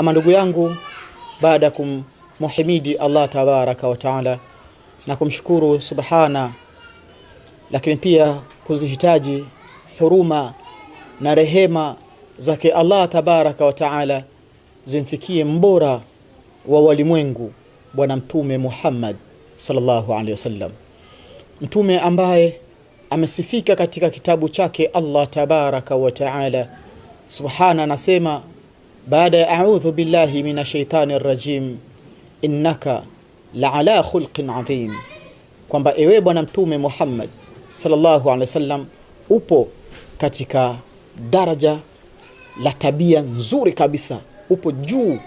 Ama ndugu yangu, baada ya kumhimidi Allah tabaraka wa taala na kumshukuru subhana, lakini pia kuzihitaji huruma na rehema zake Allah tabaraka wa taala zimfikie mbora wa walimwengu Bwana Mtume Muhammad sallallahu alaihi wasallam, mtume ambaye amesifika katika kitabu chake Allah tabaraka wa taala subhana, anasema baada ya audhu billahi min ashaitani rajim, innaka la khulqin adhim, kwamba ewe Bwana Mtume Muhammad sallallahu alaihi wasallam upo katika daraja la tabia nzuri kabisa, upo juu.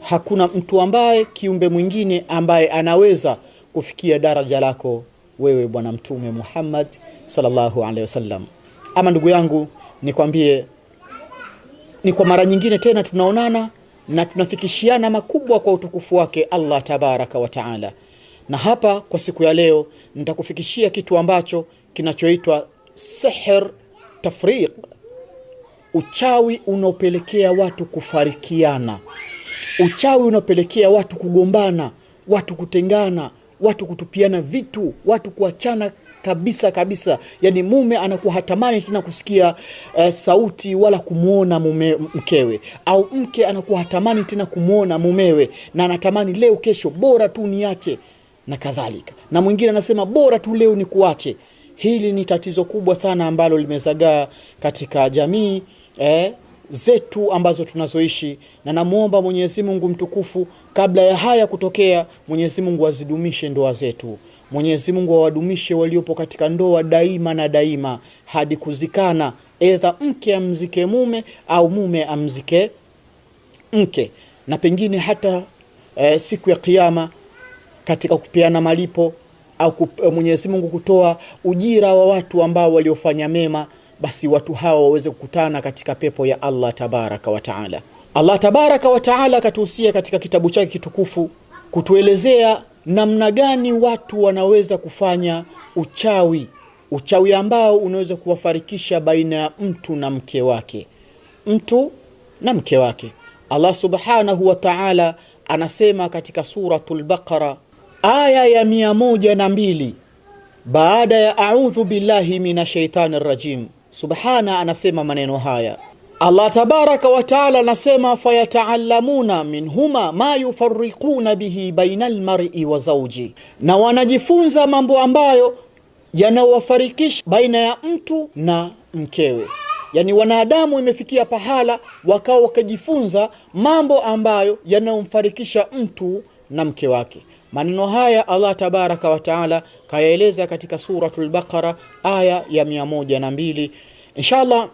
Hakuna mtu ambaye kiumbe mwingine ambaye anaweza kufikia daraja lako wewe Bwana Mtume Muhammad sallallahu alaihi wasallam. Ama ndugu yangu, nikwambie ni kwa mara nyingine tena tunaonana na tunafikishiana makubwa kwa utukufu wake Allah tabaraka wa taala. Na hapa kwa siku ya leo nitakufikishia kitu ambacho kinachoitwa sihr tafriq, uchawi unaopelekea watu kufarikiana, uchawi unaopelekea watu kugombana, watu kutengana, watu kutupiana vitu, watu kuachana kabisa kabisa, yani mume anakuwa hatamani tena kusikia uh, sauti wala kumwona mume, mkewe, au mke anakuwa hatamani tena kumwona mumewe, na anatamani leo kesho, bora tu niache na kadhalika, na mwingine anasema bora tu leo kuache Hili ni tatizo kubwa sana ambalo limezagaa katika jamii eh, zetu ambazo tunazoishi, na namwomba Mwenyezi Mungu mtukufu, kabla ya haya kutokea, Mwenyezi Mungu azidumishe ndoa zetu. Mwenyezi Mungu awadumishe waliopo katika ndoa daima na daima hadi kuzikana, edha mke amzike mume au mume amzike mke, na pengine hata e, siku ya Kiyama katika kupeana malipo au eh, Mwenyezi Mungu kutoa ujira wa watu ambao waliofanya mema, basi watu hawa waweze kukutana katika pepo ya Allah tabaraka wa taala. Allah tabaraka wa taala akatuhusia katika kitabu chake kitukufu kutuelezea namna gani watu wanaweza kufanya uchawi, uchawi ambao unaweza kuwafarikisha baina ya mtu na mke wake, mtu na mke wake. Allah subhanahu wa ta'ala anasema katika Suratul Baqara aya ya mia moja na mbili baada ya audhu billahi minashaitani rajim, subhana anasema maneno haya Allah tabaraka wa taala anasema fayataallamuna minhuma ma yufarriquna bihi baina almar'i wa zawji, na wanajifunza mambo ambayo yanawafarikisha baina ya mtu na mkewe. Yani wanadamu imefikia pahala wakawa wakajifunza mambo ambayo yanayomfarikisha mtu na mke wake. Maneno haya Allah tabaraka wa taala kayaeleza katika Suratul Baqara aya ya 102 inshallah.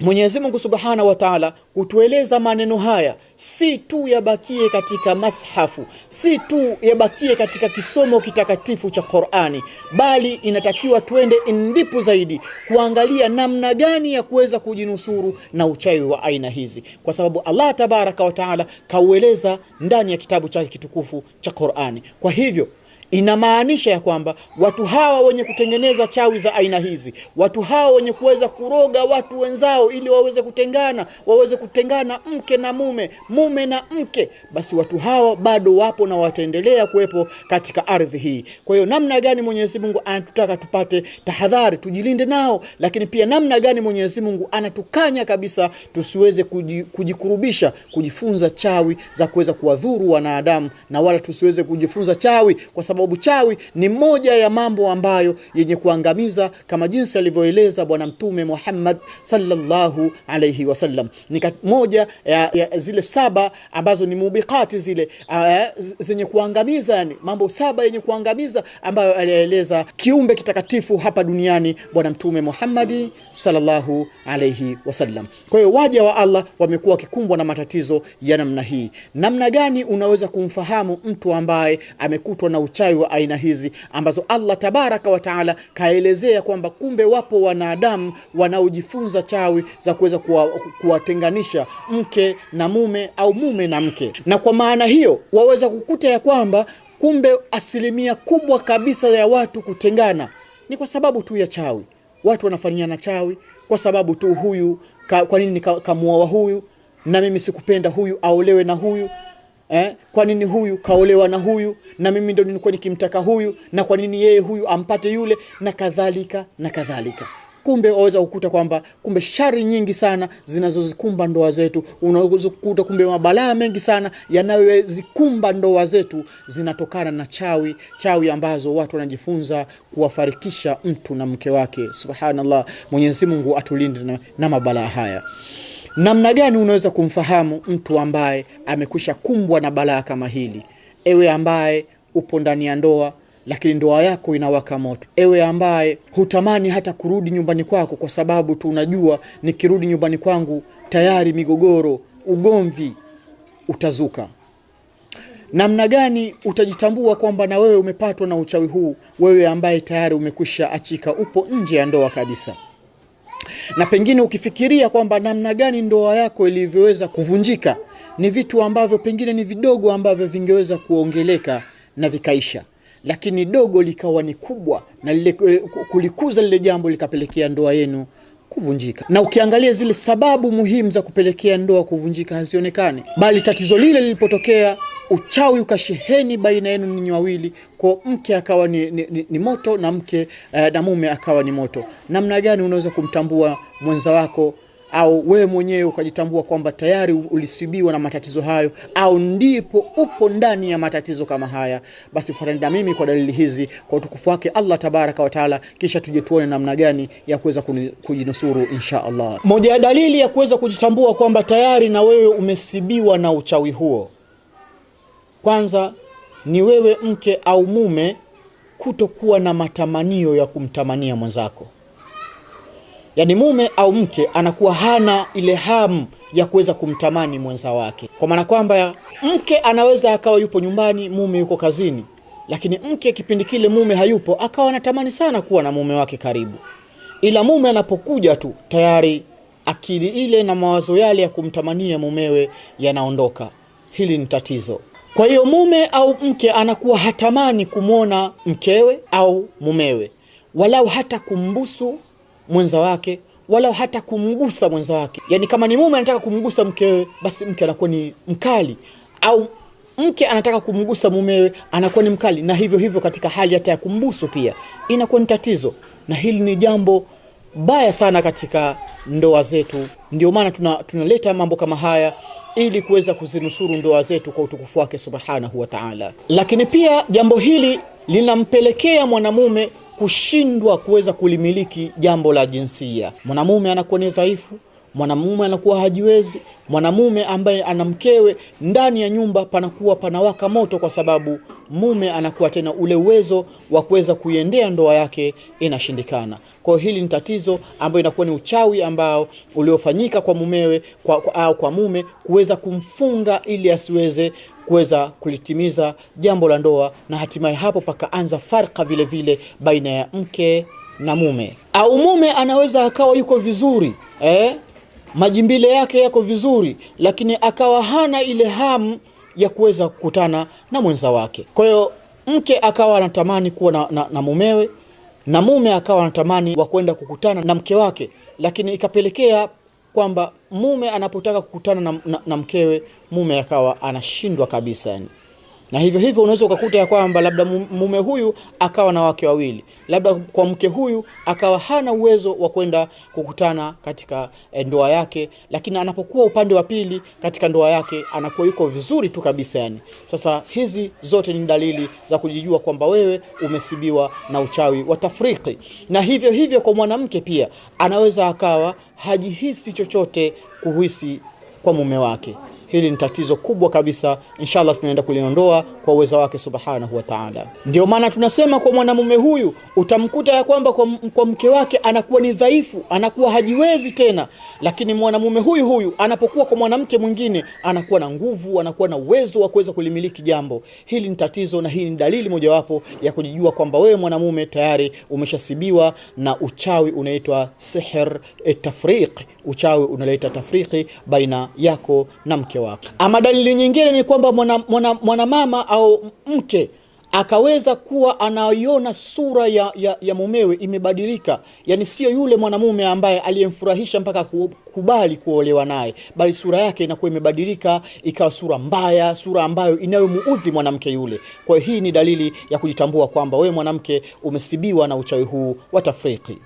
Mwenyezi Mungu Subhanahu wa Ta'ala kutueleza maneno haya si tu yabakie katika mashafu, si tu yabakie katika kisomo kitakatifu cha Qur'ani, bali inatakiwa tuende ndipo zaidi kuangalia namna gani ya kuweza kujinusuru na uchawi wa aina hizi, kwa sababu Allah Tabaraka wa Ta'ala kaueleza ndani ya kitabu chake kitukufu cha Qur'ani. Kwa hivyo Inamaanisha ya kwamba watu hawa wenye kutengeneza chawi za aina hizi, watu hawa wenye kuweza kuroga watu wenzao ili waweze kutengana, waweze kutengana mke na mume, mume na mke, basi watu hawa bado wapo na wataendelea kuwepo katika ardhi hii. Kwa hiyo namna gani Mwenyezi Mungu anatutaka tupate tahadhari, tujilinde nao, lakini pia namna gani Mwenyezi Mungu anatukanya kabisa tusiweze kujikurubisha, kujifunza chawi za kuweza kuwadhuru wanadamu na wala tusiweze kujifunza chawi kwa sababu chawi ni moja ya mambo ambayo yenye kuangamiza kama jinsi alivyoeleza Bwana Mtume Muhammad sallallahu alayhi wasallam, ni moja ya, ya zile saba ambazo ni mubiqati zile zenye kuangamiza, yani mambo saba yenye kuangamiza ambayo alieleza kiumbe kitakatifu hapa duniani Bwana Mtume Muhammad sallallahu alayhi wasallam. Kwa hiyo waja wa Allah wamekuwa wakikumbwa na matatizo ya namna hii. Namna gani unaweza kumfahamu mtu ambaye amekutwa na uchawi uchawi wa aina hizi ambazo Allah tabaraka wa taala kaelezea kwamba kumbe wapo wanadamu wanaojifunza chawi za kuweza kuwatenganisha kuwa mke na mume au mume na mke, na kwa maana hiyo waweza kukuta ya kwamba kumbe asilimia kubwa kabisa ya watu kutengana ni kwa sababu tu ya chawi. Watu wanafanyiana chawi kwa sababu tu huyu ka, kwa nini kamuoa huyu na mimi sikupenda huyu aolewe na huyu Eh, kwa nini huyu kaolewa na huyu na mimi ndio nilikuwa nikimtaka huyu na kwa nini yeye huyu ampate yule na kadhalika na kadhalika kumbe waweza kukuta kwamba kumbe shari nyingi sana zinazozikumba ndoa zetu unaweza kukuta kumbe mabalaa mengi sana yanayozikumba ndoa zetu zinatokana na chawi chawi ambazo watu wanajifunza kuwafarikisha mtu na mke wake subhanallah mwenyezi mungu atulinde na, na mabalaa haya Namna gani unaweza kumfahamu mtu ambaye amekwisha kumbwa na balaa kama hili? Ewe ambaye upo ndani ya ndoa lakini ndoa yako inawaka moto, ewe ambaye hutamani hata kurudi nyumbani kwako, kwa sababu tu unajua nikirudi nyumbani kwangu tayari migogoro, ugomvi utazuka. Namna gani utajitambua kwamba na wewe umepatwa na uchawi huu? Wewe ambaye tayari umekwisha achika, upo nje ya ndoa kabisa na pengine ukifikiria kwamba namna gani ndoa yako ilivyoweza kuvunjika, ni vitu ambavyo pengine ni vidogo ambavyo vingeweza kuongeleka na vikaisha, lakini dogo likawa ni kubwa na lile eh, kulikuza lile jambo likapelekea ndoa yenu kuvunjika. Na ukiangalia zile sababu muhimu za kupelekea ndoa kuvunjika hazionekani, bali tatizo lile lilipotokea, uchawi ukasheheni baina yenu ninyi wawili, kwa mke akawa ni, ni, ni, ni moto na mke eh, na mume akawa ni moto. Namna gani unaweza kumtambua mwenza wako au wewe mwenyewe ukajitambua kwamba tayari ulisibiwa na matatizo hayo, au ndipo upo ndani ya matatizo kama haya, basi fuatana na mimi kwa dalili hizi, kwa utukufu wake Allah tabaraka wa taala, kisha tuje tuone namna gani ya kuweza kujinusuru insha Allah. Moja ya dalili ya kuweza kujitambua kwamba tayari na wewe umesibiwa na uchawi huo, kwanza ni wewe mke au mume kutokuwa na matamanio ya kumtamania mwenzako. Yaani mume au mke anakuwa hana ile hamu ya kuweza kumtamani mwenza wake, kwa maana kwamba mke anaweza akawa yupo nyumbani, mume yuko kazini, lakini mke kipindi kile mume hayupo akawa anatamani sana kuwa na mume wake karibu, ila mume anapokuja tu tayari akili ile na mawazo yale ya kumtamania mumewe yanaondoka. Hili ni tatizo. Kwa hiyo mume au mke anakuwa hatamani kumwona mkewe au mumewe, walau hata kumbusu mwenza wake wala hata kumgusa mwenza wake. Yani kama ni mume anataka kumgusa mkewe, basi mke anakuwa ni mkali, au mke anataka kumgusa mumewe anakuwa ni mkali, na hivyo hivyo katika hali hata ya kumbusu pia inakuwa ni tatizo, na hili ni jambo baya sana katika ndoa zetu. Ndio maana tunaleta tuna mambo kama haya ili kuweza kuzinusuru ndoa zetu kwa utukufu wake subhanahu wa ta'ala. Lakini pia jambo hili linampelekea mwanamume kushindwa kuweza kulimiliki jambo la jinsia. Mwanamume anakuwa ni dhaifu, mwanamume anakuwa hajiwezi. Mwanamume ambaye ana mkewe ndani ya nyumba, panakuwa panawaka moto, kwa sababu mume anakuwa tena ule uwezo wa kuweza kuiendea ndoa yake inashindikana. Kwa hiyo hili ni tatizo ambayo inakuwa ni uchawi ambao uliofanyika kwa mumewe kwa, kwa, au kwa mume kuweza kumfunga ili asiweze kuweza kulitimiza jambo la ndoa, na hatimaye hapo pakaanza farka vile vile baina ya mke na mume. Au mume anaweza akawa yuko vizuri eh? majimbile yake yako vizuri, lakini akawa hana ile hamu ya kuweza kukutana na mwenza wake. Kwa hiyo mke akawa anatamani kuwa na, na, na mumewe na mume akawa anatamani wa kwenda kukutana na mke wake, lakini ikapelekea kwamba mume anapotaka kukutana na, na, na mkewe mume akawa anashindwa kabisa yani na hivyo hivyo unaweza ukakuta ya kwamba labda mume huyu akawa na wake wawili, labda kwa mke huyu akawa hana uwezo wa kwenda kukutana katika eh, ndoa yake, lakini anapokuwa upande wa pili katika ndoa yake anakuwa yuko vizuri tu kabisa yani. Sasa hizi zote ni dalili za kujijua kwamba wewe umesibiwa na uchawi wa tafriki, na hivyo hivyo kwa mwanamke pia anaweza akawa hajihisi chochote kuhisi kwa mume wake hili ni tatizo kubwa kabisa, inshallah tunaenda kuliondoa kwa uweza wake subhanahu wa ta'ala. Ndio maana tunasema kwa mwanamume huyu utamkuta ya kwamba kwa, kwa mke wake anakuwa ni dhaifu, anakuwa hajiwezi tena, lakini mwanamume huyu huyu anapokuwa kwa mwanamke mwingine anakuwa na nguvu, anakuwa na uwezo wa kuweza kulimiliki jambo hili. Ni tatizo na hii ni dalili mojawapo ya kujijua kwamba wewe mwanamume tayari umeshasibiwa na uchawi unaitwa sihr eh, tafriq. Uchawi unaleta tafriqi baina yako na mke wako. Ama dalili nyingine ni kwamba mwanamama mwana, mwana au mke akaweza kuwa anaiona sura ya, ya, ya mumewe imebadilika, yani sio yule mwanamume ambaye aliyemfurahisha mpaka kubali kuolewa naye, bali sura yake inakuwa imebadilika, ikawa sura mbaya, sura ambayo inayomuudhi mwanamke yule. Kwa hiyo hii ni dalili ya kujitambua kwamba wewe mwanamke umesibiwa na uchawi huu wa tafriki.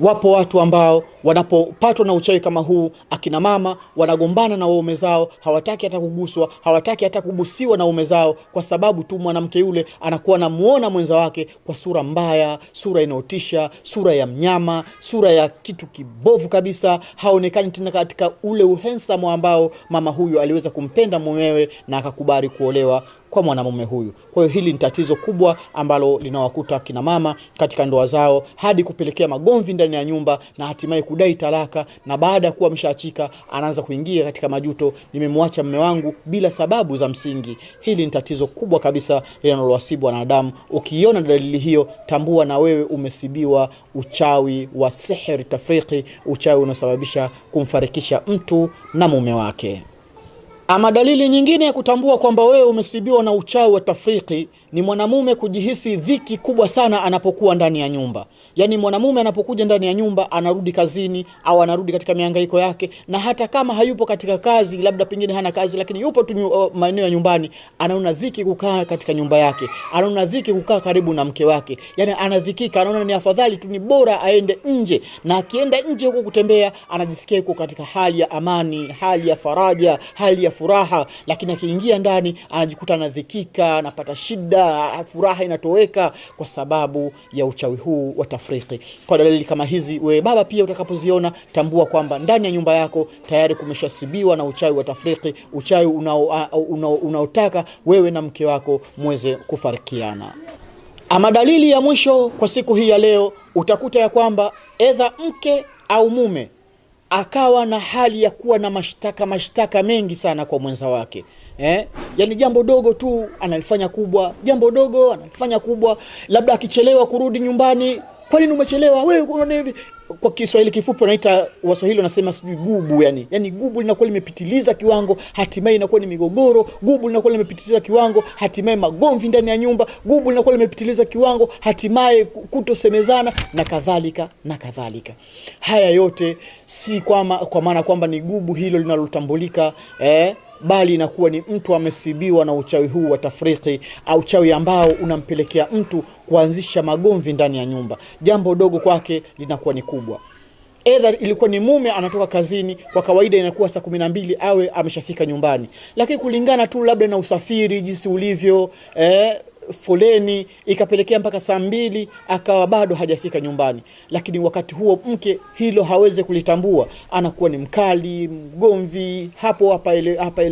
Wapo watu ambao wanapopatwa na uchawi kama huu, akina mama wanagombana na waume zao, hawataki hata kuguswa, hawataki hata kubusiwa na waume zao, kwa sababu tu mwanamke yule anakuwa anamuona mwenza wake kwa sura mbaya, sura inayotisha, sura ya mnyama, sura ya kitu kibovu kabisa, haonekani tena katika ule uhensamo ambao mama huyu aliweza kumpenda mumewe na akakubali kuolewa kwa mwanamume huyu. Kwa hiyo hili ni tatizo kubwa ambalo linawakuta akina mama katika ndoa zao hadi kupelekea magomvi ndani ya nyumba na hatimaye kudai talaka, na baada ya kuwa ameshaachika anaanza kuingia katika majuto, nimemwacha mme wangu bila sababu za msingi. Hili ni tatizo kubwa kabisa linalowasibu wanadamu. Ukiona dalili hiyo, tambua na wewe umesibiwa uchawi wa seheri tafriki, uchawi unaosababisha kumfarikisha mtu na mume wake. Ama dalili nyingine ya kutambua kwamba wewe umesibiwa na uchawi wa tafriki ni mwanamume kujihisi dhiki kubwa sana anapokuwa ndani ya nyumba. Yaani mwanamume anapokuja ndani ya nyumba, anarudi kazini au anarudi katika mihangaiko yake, na hata kama hayupo katika kazi, labda pengine hana kazi, lakini yupo tu uh, maeneo ya nyumbani, anaona dhiki kukaa katika nyumba yake, anaona dhiki kukaa karibu na mke wake, yaani anadhikika, anaona ni afadhali tu, ni bora aende nje, na akienda nje huko kutembea, anajisikia yuko katika hali ya amani, hali ya faraja, hali ya furaha, lakini akiingia ndani anajikuta anadhikika, anapata shida, furaha inatoweka kwa sababu ya uchawi huu wa Afrika. Kwa dalili kama hizi, wewe baba pia utakapoziona, tambua kwamba ndani ya nyumba yako tayari kumeshasibiwa na uchawi wa tafriki, uchawi unaotaka una, una, una wewe na mke wako mweze kufarikiana. Ama dalili ya mwisho kwa siku hii ya leo, utakuta ya kwamba edha mke au mume akawa na hali ya kuwa na mashtaka mashtaka mengi sana kwa mwenza wake eh? Yaani jambo dogo tu analifanya kubwa, jambo dogo analifanya kubwa, labda akichelewa kurudi nyumbani kwa nini umechelewa wewe unaona hivi kwa Kiswahili kifupi wanaita Waswahili wanasema sijui gubu yani. Yani gubu linakuwa limepitiliza kiwango, hatimaye inakuwa ni migogoro. Gubu linakuwa limepitiliza kiwango, hatimaye magomvi ndani ya nyumba. Gubu linakuwa limepitiliza kiwango, hatimaye kutosemezana na kadhalika na kadhalika. Haya yote si kwa, kwa maana kwamba ni gubu hilo linalotambulika eh, bali inakuwa ni mtu amesibiwa na uchawi huu wa tafriki au uchawi ambao unampelekea mtu kuanzisha magomvi ndani ya nyumba. Jambo dogo kwake linakuwa ni kubwa. Edha ilikuwa ni mume anatoka kazini, kwa kawaida inakuwa saa kumi na mbili awe ameshafika nyumbani, lakini kulingana tu labda na usafiri jinsi ulivyo eh, foleni ikapelekea mpaka saa mbili akawa bado hajafika nyumbani. Lakini wakati huo mke hilo haweze kulitambua, anakuwa ni mkali, mgomvi, hapo hapaeleweki, hapa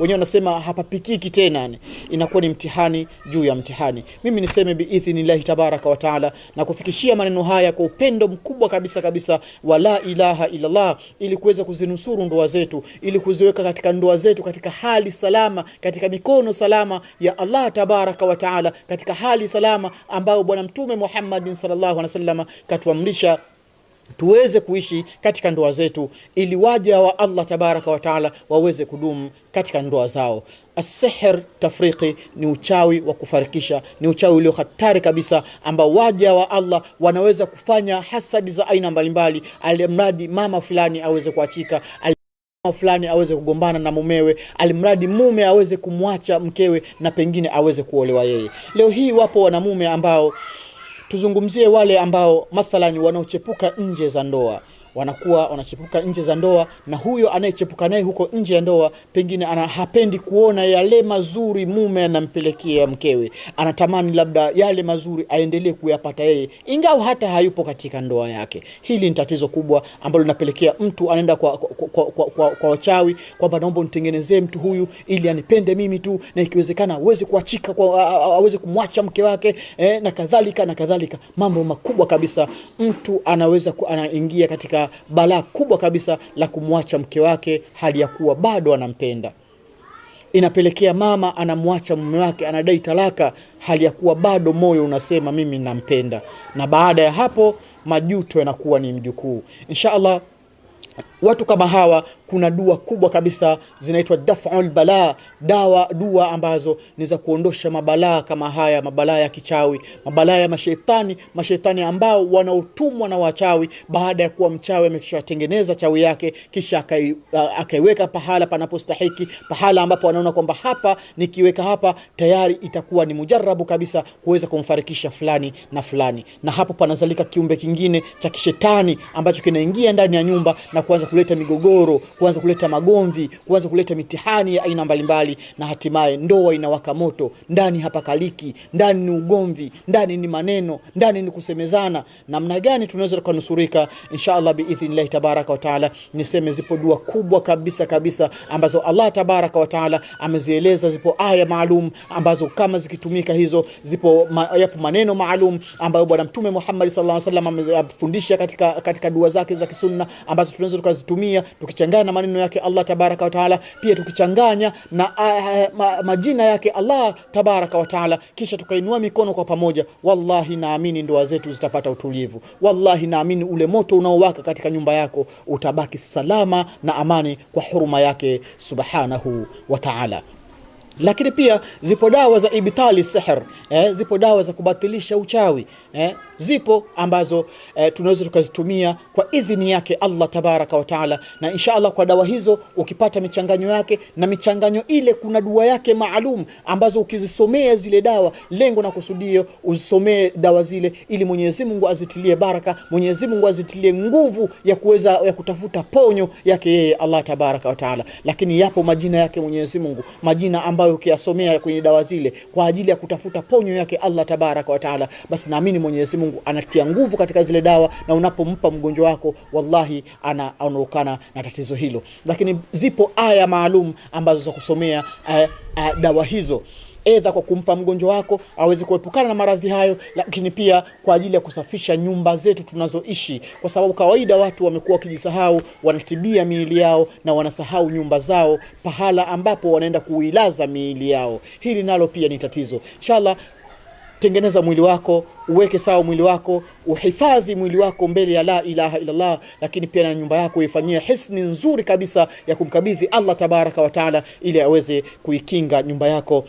wenyewe wanasema hapapikiki tena, inakuwa ni mtihani juu ya mtihani. Mimi niseme biidhnillahi tabaraka wataala na kufikishia maneno haya kwa upendo mkubwa kabisa kabisa wa la ilaha illallah, ili kuweza kuzinusuru ndoa zetu, ili kuziweka katika ndoa zetu katika hali salama, katika mikono salama ya Allah tabaraka wa taala katika hali salama ambayo Bwana Mtume Muhammadin sallallahu alaihi wasallam katuamrisha tuweze kuishi katika ndoa zetu ili waja wa Allah tabaraka wa taala waweze kudumu katika ndoa zao. Asihr tafriqi ni uchawi wa kufarikisha, ni uchawi ulio hatari kabisa, ambao waja wa Allah wanaweza kufanya hasadi za aina mbalimbali, alimradi mama fulani aweze kuachika fulani aweze kugombana na mumewe, alimradi mume aweze kumwacha mkewe na pengine aweze kuolewa yeye. Leo hii wapo wanamume ambao, tuzungumzie wale ambao mathalani wanaochepuka nje za ndoa wanakuwa wanachepuka nje za ndoa, na huyo anayechepuka naye huko nje ya ndoa pengine ana hapendi kuona yale mazuri mume anampelekea mkewe, anatamani labda yale mazuri aendelee kuyapata yeye, ingawa hata hayupo katika ndoa yake. Hili ni tatizo kubwa ambalo linapelekea mtu anaenda kwa wachawi kwa, kwa, kwa, kwa, wachawi kwamba naomba nitengenezee mtu huyu ili anipende mimi tu, na ikiwezekana aweze kuachika kwa aweze kumwacha mke wake eh, na kadhalika na kadhalika, mambo makubwa kabisa. Mtu anaweza anaingia katika balaa kubwa kabisa la kumwacha mke wake hali ya kuwa bado anampenda. Inapelekea mama anamwacha mume wake, anadai talaka hali ya kuwa bado moyo unasema mimi nampenda, na baada ya hapo majuto yanakuwa ni mjukuu. Insha Allah watu kama hawa kuna dua kubwa kabisa zinaitwa daf'ul dawa dua ambazo ni za kuondosha mabalaa kama haya, mabalaa ya kichawi, mabalaa ya mashetani, mashetani ambao wanaotumwa na wachawi baada ya kuwa mchawi ameshatengeneza chawi yake, kisha uh, akaiweka pahala panapostahiki, pahala ambapo anaona kwamba hapa nikiweka hapa tayari itakuwa ni mujarabu kabisa kuweza kumfarikisha fulani na fulani, na hapo panazalika kiumbe kingine cha kishetani ambacho kinaingia ndani ya nyumba na kuanza kuleta migogoro, kuanza kuleta magomvi, kuanza kuleta mitihani ya aina mbalimbali, na hatimaye ndoa inawaka moto. Ndani hapakaliki, ndani ni ugomvi, ndani ni maneno, ndani ni kusemezana. Namna gani tunaweza tukanusurika? Inshallah, Allah biidhnillahi tabaraka wa taala. Niseme zipo dua kubwa kabisa kabisa ambazo Allah tabaraka wa taala amezieleza, zipo aya maalum ambazo kama zikitumika hizo, zipo ma, yapo maneno maalum ambayo Bwana Mtume Muhammad sallallahu alaihi wasallam amefundisha katika, katika dua zake za kisunna ambazo tunaweza tukazitumia tukichanganya na maneno yake Allah tabaraka wa taala, pia tukichanganya na eh, eh, ma, majina yake Allah tabaraka wa taala, kisha tukainua mikono kwa pamoja, wallahi naamini ndoa zetu zitapata utulivu. Wallahi naamini ule moto unaowaka katika nyumba yako utabaki salama na amani kwa huruma yake subhanahu wa taala. Lakini pia zipo dawa za ibtali sihr eh, zipo dawa za kubatilisha uchawi eh, zipo ambazo eh, tunaweza tukazitumia kwa idhini yake Allah tabaraka wa taala, na insha Allah kwa dawa hizo ukipata michanganyo yake na michanganyo ile, kuna dua yake maalum ambazo ukizisomea zile dawa, lengo na kusudio uzisomee dawa zile, ili Mwenyezi Mungu azitilie baraka, Mwenyezi Mungu azitilie nguvu ya kuweza ya kutafuta ponyo yake yeye Allah tabaraka wa taala. Lakini yapo majina yake Mwenyezi Mungu, majina ambazo ambayo ukiyasomea kwenye dawa zile kwa ajili ya kutafuta ponyo yake Allah tabaraka wa taala, basi naamini Mwenyezi Mungu anatia nguvu katika zile dawa, na unapompa mgonjwa wako wallahi anaondokana na tatizo hilo. Lakini zipo aya maalum ambazo za kusomea eh, eh, dawa hizo edha kwa kumpa mgonjwa wako aweze kuepukana na maradhi hayo, lakini pia kwa ajili ya kusafisha nyumba zetu tunazoishi, kwa sababu kawaida watu wamekuwa wakijisahau, wanatibia miili yao na wanasahau nyumba zao, pahala ambapo wanaenda kuilaza miili yao. Hili nalo pia ni tatizo. Inshallah, tengeneza mwili wako, uweke sawa mwili wako, uhifadhi mwili wako mbele ya la ilaha illallah, lakini pia na nyumba yako ifanyie hisni nzuri kabisa ya kumkabidhi Allah tabaraka wa taala, ili aweze kuikinga nyumba yako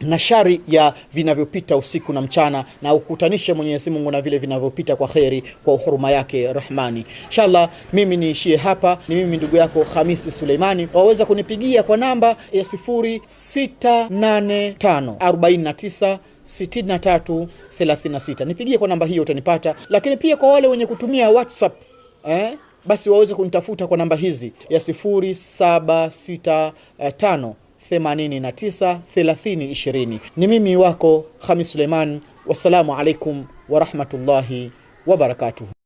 na shari ya vinavyopita usiku na mchana, na ukutanishe Mwenyezi Mungu na vile vinavyopita kwa kheri, kwa uhuruma yake Rahmani. Inshallah, mimi niishie hapa. Ni mimi ndugu yako Hamisi Suleimani, waweza kunipigia kwa namba ya 0685 63 36. Nipigie kwa namba hiyo utanipata, lakini pia kwa wale wenye kutumia WhatsApp eh, basi waweze kunitafuta kwa namba hizi ya 0765 89 Ni mimi wako Hamis Suleiman, wassalamu alaikum warahmatullahi wabarakatuhu.